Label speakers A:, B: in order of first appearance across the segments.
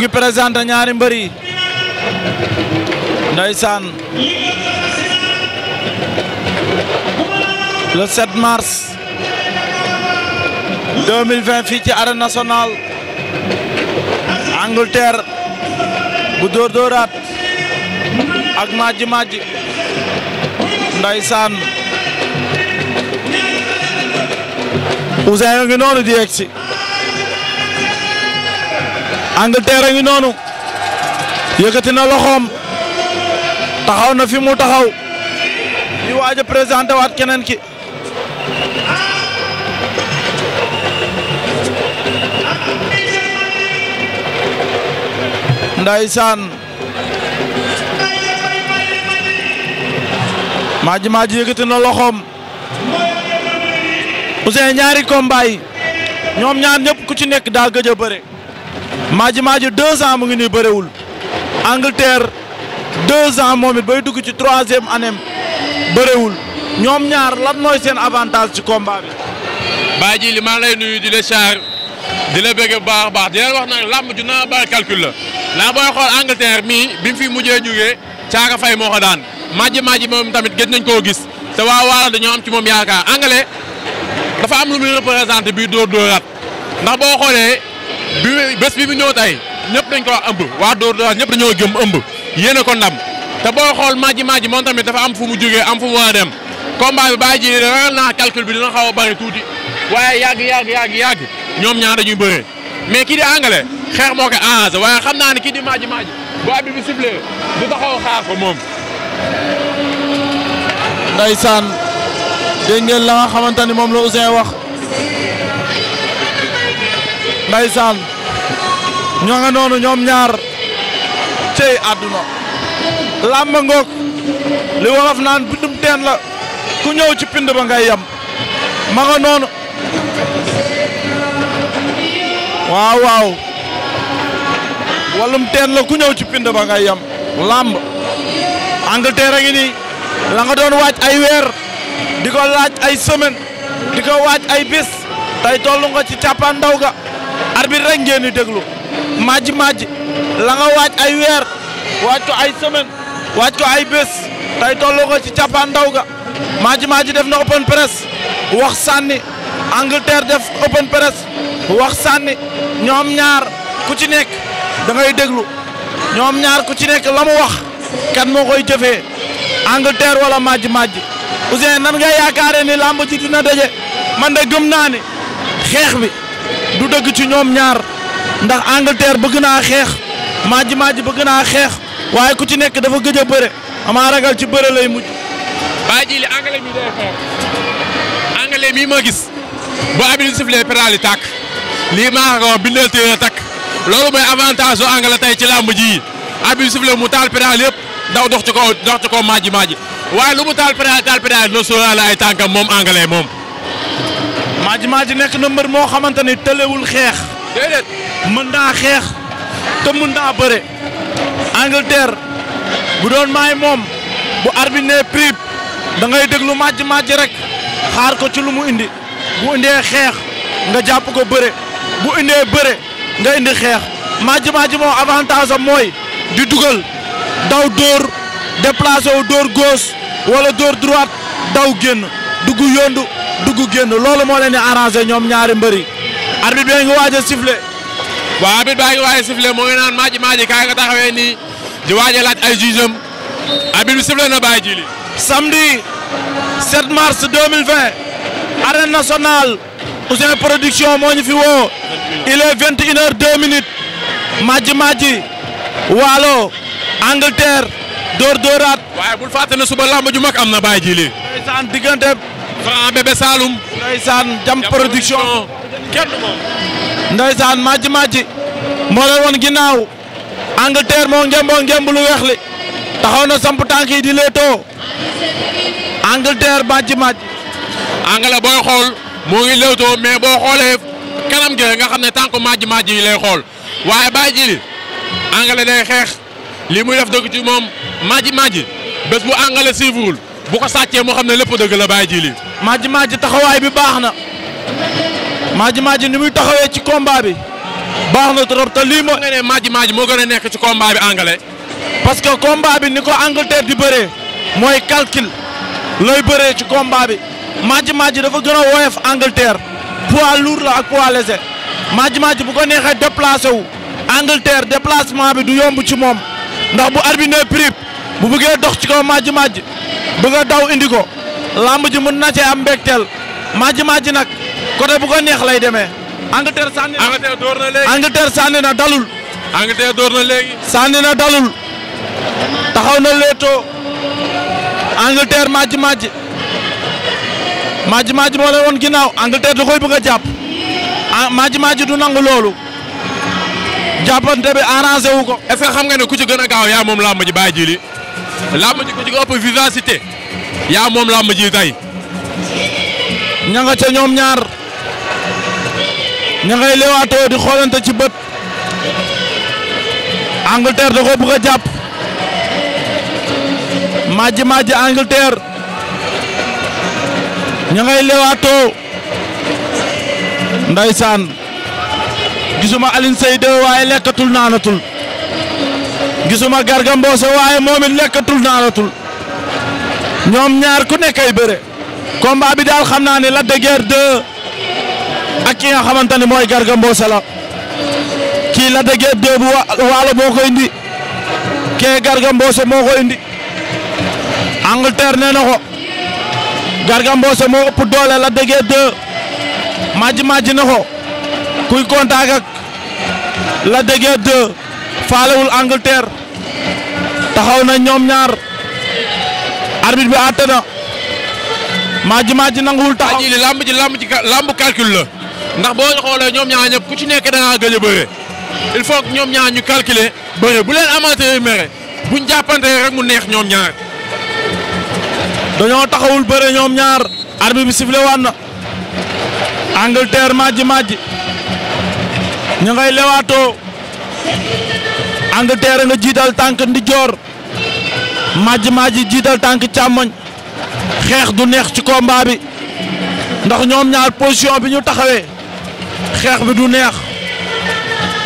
A: ngi présenté ñaari mbër yi ndeysaan le 7 mars fii ci arène nationale Angleterre bu dóor dóoraat ak majji majji ndeysaan Ousseyn a ngi noonu di Angleterre a ngi noonu yëkkati na loxoom taxaw na fi mu taxaw di waaj a présenté waat keneen ki Ndeysaan maaji maaji yëkkati na loxoom use ñaari combat ñoom ñaar ñëpp ku ci nekk daa gëj a bëre maaji maaji deux ans mu ngi nii bëriwul Angleterre deux ans moom it bay dugg ci troisième année bërewul ñoom ñaar lan mooy seen avantage ci combat bi.
B: Baye Djili maa lay nuyu di la char di le bëgg baax baax di leen wax nag làmb ju naa bàyyi calcul la ndax booy xool Angleterre mii bi mu fi mujjee jógee caaka fay moo ko daan maaji maaji moom tamit gëj nañ koo gis te waa waala dañoo ci moom yaakaar anglais dafa am lu muy représenté bii dóor dóoraat ndax boo xoolee. bi bés bi mu ñëw tey ñëpp dañ ko ëmb waa Dóor daal ñëpp dañoo jëm ëmb yéene ko ndam te boo xool maaji maaji moom tamit dafa am fu mu jógee am fu mu war a dem combat bi bàyyi ji ragal naa calcul bi dina xaw a bëri tuuti waaye yàgg yàgg yàgg yàgg ñoom ñaar dañuy bëree mais kii di angale xeex moo ko arrangé waaye xam naa ne kii di maaji maaji bu abi bi sifflé du taxaw
A: xaar ko moom. Ndeysaan dégg ngeen la nga xamante ni moom la Ouzin wax ndeysaan ñoo nga noonu ñoom ñaar cey àdduna làmb ngoog li wolof naan bindum teen la ku ñëw ci pind ba ngay yem ma nga noonu waaw walum teen la ku ñëw ci pind ba ngay yem làmb Angleterre a ngi nii la nga doon waaj ay weer di ko laaj ay semaine di ko waaj ay bis tey tollu nga ci càppaandaw ga arbitre rek ngeen di déglu majj majj la nga waaj ay weer waaj ko ay semaine waaj ko ay bés tey tolloo ko ci cappaandaw ga majj majj def na open press wax sànni Angleterre def open press wax sànni ñoom ñaar ku ci nekk da ngay déglu ñoom ñaar ku ci nekk la mu wax kan moo koy jëfe Angleterre wala majj majj Ouzin nan nga yaakaare ni làmb ji dina daje man de gëm naa ni xeex bi. du dëgg ci ñoom ñaar ndax Angleterre bëgg naa xeex maaji maaji bëgg naa xeex waaye ku ci nekk dafa gëj a bëre amaa ragal ci bëre lay mujj.
B: baa ji li anglais mi ma gis bu abili siflee pénal yi tàkk lii maa ko bindal téere takk loolu mooy avantage su anglais tey ci làmb ji abili siflee mu taal pénal yëpp daw dox ci ko dox ci kaw maaji maaji waaye lu mu taal pénal taal pénal dina sóoraale ay tànkam moom anglais
A: moom. Madjma ji nekk na mbër moo xamante ni tëlewul xeex. déedéet mën naa xeex te naa bëre. Angleterre bu doon maay moom bu arbitre ne prip da ngay déglu Madjma ji rek xaar ko ci lu mu indi bu indee xeex nga jàpp ko bëre bu indee bëre nga indi xeex Madjma ji moo avantage am mooy di dugal daw dóor déplacé wu dóor gauche wala dóor droite daw génn dugg yondu. dugg génn loolu moo leen di arrangé ñoom ñaari mbëri arbitre bi ngi waaj a sifflé
B: waaw arbitre baa ngi waaj a sifflé moo ngi naan maaji maaji kaay nga taxawee nii di waaj a laaj ay juge am
A: arbitre bi sifflé na bàyyi jili samedi 7 mars 2020 arène nationale Ouzin production moo ñu fi woo il est 21 heures 2 minutes maaji waalo Angleterre dóor dóoraat waaye bul fàtte ne suba làmb ju mag am na bàyyi jili ndeysaan diggante Franc Bébé Saloum. Ndeysaan jam production kenn moom. Ndeysaan màjj màjj moo ginnaaw. Angleterre moo ngemboo ngemb lu weex li taxaw na samp tànk yi di leetoo. Angleterre màjj màjj.
B: Angleterre booy xool moo ngi leetoo mais boo xoolee kanam gi nga xam ne tànk màjj màjj yi lay xool waaye bàyyi ji li Angleterre day xeex li muy def dëgg moom
A: màjj màjj bés bu Angleterre siiwul. bu ko sàccee moo xam ne lépp dëgg la bàyyi ji lii. Madji Madji taxawaay bi baax na Madji Madji ni muy taxawee ci combat bi
B: baax na trop te lii moo. nga moo gën a nekk ci combat bi anglais. parce que combat bi ni ko
A: Angleterre di bëree mooy calcul looy bëree ci combat bi Madji Madji dafa gën a woyof Angleterre poids lourd la ak poids léger Madji Madji bu ko neexee déplacé wu Angleterre déplacement bi du yomb ci moom ndax bu arbitre prip bu bëggee dox ci kaw Madji Madji bëgg a daw indiko ko lamb ji mën na cee am mbégteel maaji maaji nag côté bu ko neex lay demee. Angleterre sànni na Angleterre door na léegi Angleterre sànni na dalul. Angleterre na léegi. na dalul taxaw na leetoo Angleterre maaji maaji maaji maaji moo leen woon ginnaaw Angleterre da koy bëgg a jàpp maaji maaji du nangu loolu. jàppante bi arrangé wu ko. est-ce xam nga ne ku ci gën a gaaw yaa moom làmb ji bàyyi ji li
B: làmb ji ko ëpp vivacité yaa moom làmb ji tey
A: ña nga ca ñoom ñaar ña ngay di xoolante ci bët Angleterre da ko jàpp maaji maaji Angleterre ña ngay leewaatoo ndeysaan gisuma Alioune Seye de waaye lekkatul naanatul gisuma Garga Mbossé waaye moom it lekkatul naanatul ñoom ñaar ku nekk ay bëre bi daal xam naa ne Lac de ak ki nga xamante ne mooy Garga Mbossé la kii Lac de bu waalo moo ko indi kee Garga Mbossé moo ko indi Angleterre nee na Garga Mbossé moo ëpp doole Lac de Guiers 2 majj kuy contact ak Lac de faalewul Angleterre taxaw na ñoom ñaar arbitre bi àtte na Madji Madji nanguwul
B: taxaw. Madji li lamb ji làmb ji calcul la ndax boo xoolee ñoom ñaar ñëpp ku ci nekk da ngaa gëj a bëre il faut que ñoom ñaar ñu calculer bëre bu leen amateur mere buñ jàppante rek mu
A: neex ñoom ñaar. dañoo taxawul bëre ñoom ñaar arbitre bi sifflé waat na Angleterre Madji Madji ñu ngay lewaatoo Angleterre nga jiital tànk ndi joor majj majj jiital tànk càmmoñ xeex du neex ci combat bi ndax ñoom ñaar position bi ñu taxawee xeex bi du neex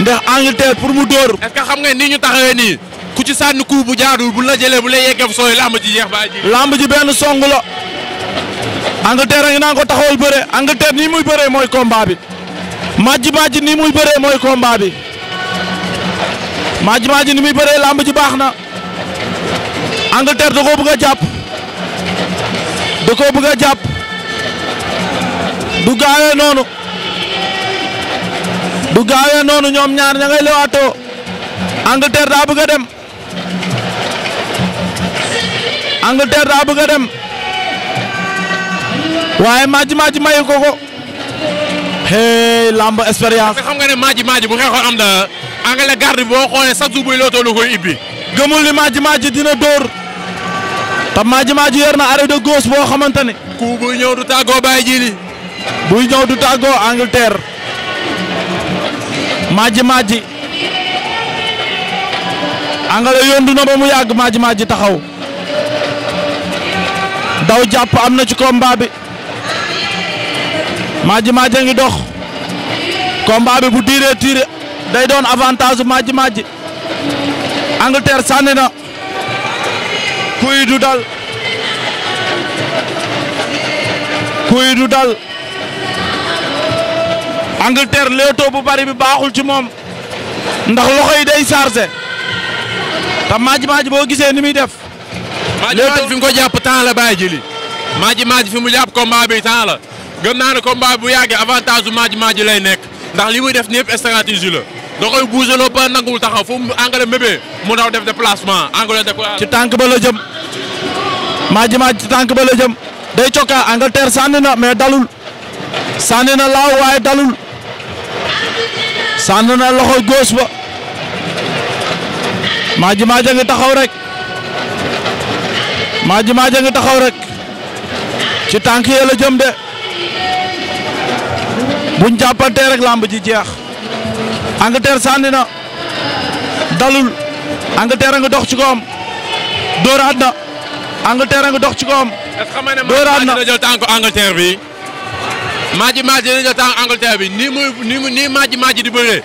A: ndax Angleterre pour mu dóor. est que xam nga ni ñu taxawee nii ku ci sànni coup bu jaadul bu la jëlee
B: bu lay yeggee sooy lamb ji jeex baa ji.
A: lamb ji benn song la Angleterre a ngi naan ko taxawal bëre Angleterre nii muy bëree mooy combat bi majj majj nii muy bëree mooy combat bi majj majj ni muy bëree làmb ji baax na. Angleterre da koo bëgg a jàpp da koo bëgg a jàpp du gaawee noonu du gaawee noonu ñoom ñaar ña ngay lewaatoo Angleterre daa bëgg dem Angleterre daa bëgg a dem waaye maaji maaji mayu ko ko hey lamb expérience. xam nga bu xeexoon am da Angleterre garde boo xoolee chaque buy lootoo lu koy ibbi. gëmul ni maaji dina dóor. Tapha Mamadou yor na arrêt de gauche boo xamante ne. ku buy du tàggoo Baye Djili. buy ñëw du tàggoo ba mu yàgg Maji Maji taxaw. daw jàpp am na ci combat bi. Maji Maji a ngi bu tiiree tiiree na. kuy du dal kuy du dal Angleterre leeto bu bari bi baaxul ci moom ndax loxo yi day chargé te maaji maaji boo gisee ni muy def.
B: maaji maaji fi mu ko jàpp temps la bàyyi jëli maaji maaji fi mu jàpp combat bi temps la gëm naa ne combat bu yàggee avantage bu maaji maaji lay nekk ndax li muy def nii yëpp la da koy bousezloo ba nanguwul taxaw fu mu Anglais mébé mu daw def déplacement Anglais def ci tànk
A: ba la jëm. Madji Madji ci tànk ba la jëm day cokka Angleterre sànni na mais dalul sànni na laaw waaye dalul sànni na loxo góos ba Madji Madji a ngi taxaw rek Madji Madji a ngi taxaw rek ci tànk yi la jëm de buñ jàppantee rek làmb ji jeex Angleterre sànni na dalul Angleterre a ngi dox ci koom dóoraat na Angleterre nga dox ci koom. dooraat na est-ce xam nga ne Madji dina jël tànku Angleterre bi.
B: Madji Madji dina jël tànku Angleterre bi nii muy nii muy nii Madji Madji di bëree.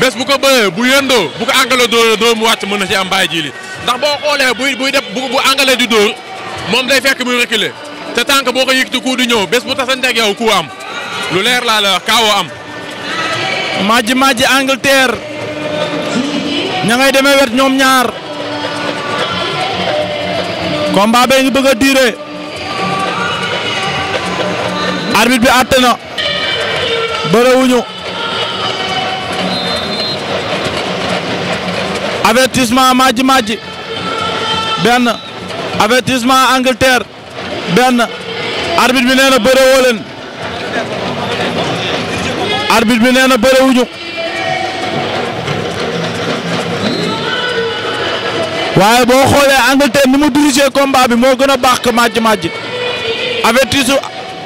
B: bés bu ko bëree bu yëndoo bu ko angale dóor dóor mu wàcc mën a ci am baay jiili ndax boo xoolee buy buy def bu angale di dóor moom day fekk muy reculer te tànk boo ko yëkkati ku du ñëw bés bu tasanteeg
A: yow ku am lu leer laa la wax kaawoo am. Madji Madji Angleterre. ña ngay demee wet ñoom ñaar. combat bee ngi bëgg a duré arbitre bi àtte na bërëwuñu avertissement Madji Madji benn avertissement Angleterre benn arbitre bi nee na bërëwoo leen arbitre bi nee na bërëwuñu waaye boo xoolee Angleterre ni mu dirigé combat bi moo gën a baax que màjj màjj avertissement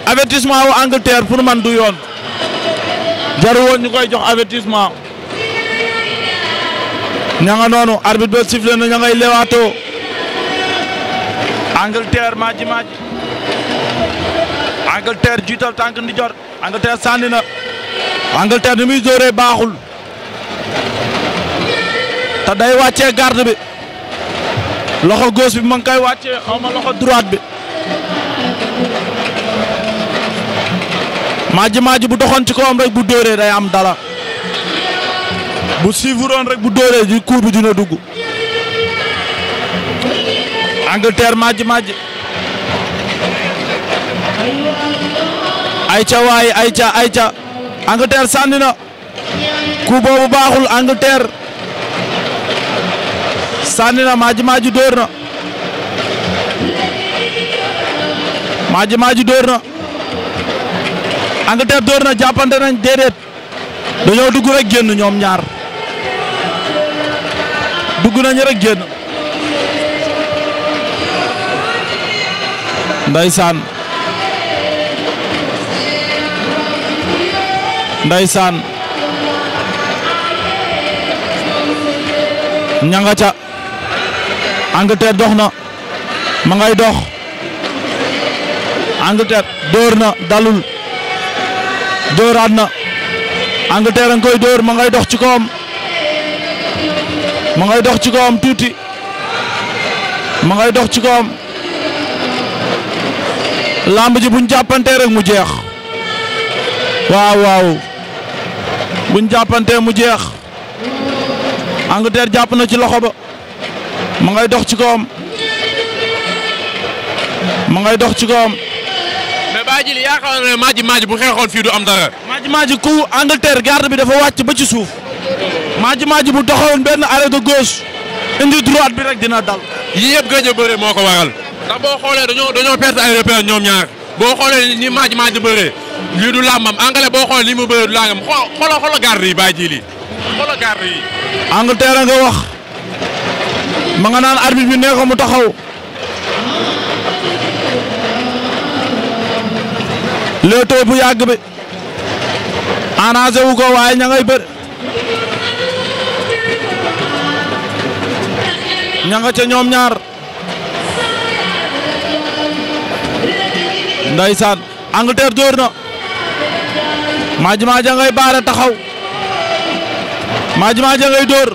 A: avertissement wu pour man du yoon jaru woon ñu koy jox avertissement ña nga noonu arbitre ba sifflé na ña ngay lewaatoo Angleterre màjj màjj jiital tànk ndi jor Angleterre sànni na Angleterre ni muy dóoree baaxul te day wàccee garde bi loxo gauche bi ma ngi koy wàccee xaw ma loxo droite bi maaji maaji bu doxoon ci kawam rek bu dóoree day am dara bu siifuroon rek bu dóoree ji coup bi dina dugg Angleterre maaji maaji ayca waay ayca ayca Angleterre sànni na coup baaxul Angleterre sànni na maaji maaji dóor na maaji maaji dóor na Angleterre dóor na jàppante nañ déedéet dañoo dugg rek génn ñoom ñaar dugg nañ rek génn ndeysaan ndeysaan ñanga ca Angleterre dox na ma ngay dox Angleterre dóor na dalul dóoraat na Angleterre nga koy dóor ma ngay dox ci kawam ma ngay dox ci kawam tuuti ma ngay dox ci kawam lamb ji buñ jàppantee rek mu jeex waaw waaw buñ jàppantee mu jeex Angleterre jàpp na ci loxo ba ma ngay dox ci koom ma ngay dox ci koom.
B: mais Baye Djily yaakaar
A: naa ne bu xeexoon fii du am dara. Madji Madji ku Angleterre garde bi dafa wàcc ba ci suuf Madji Madji bu doxoon benn arrêt de gauche indi droite bi rek dina dal. yii yëpp gëj
B: moo ko waral. ndax boo xoolee dañoo dañoo perte ay repères ñoom ñaar boo xoolee ni Madji Madji bëree lii du làmbam angale boo xoolee ni mu bëree du làmbam xolo xolo garde yi Baye Djily garde yi.
A: Angleterre nga wax. ma nga naan arbitre bi nee ko mu taxaw léetoo bu yàgg bi wu ko waaye ña ngay bëri ña nga ca ñoom ñaar ndeysaan Angleterre door na maaj maaja ngay baare taxaw maaj maaja ngay door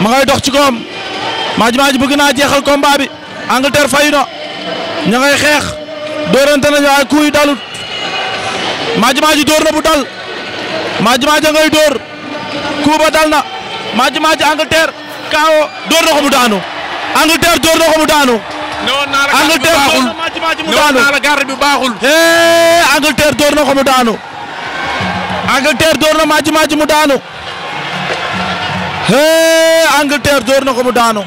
A: ma ngay dox ci koom maaj maaj bëgg naa jeexal combat bi Angleterre fayu na ña ngay xeex dóorante nañu ay coup yu dalut maaj maaj dóor na bu dal maaj maaj a kaawo dóor na ko daanu Angleterre dóor na ko daanu baaxul hee Angleterre dóor na ko daanu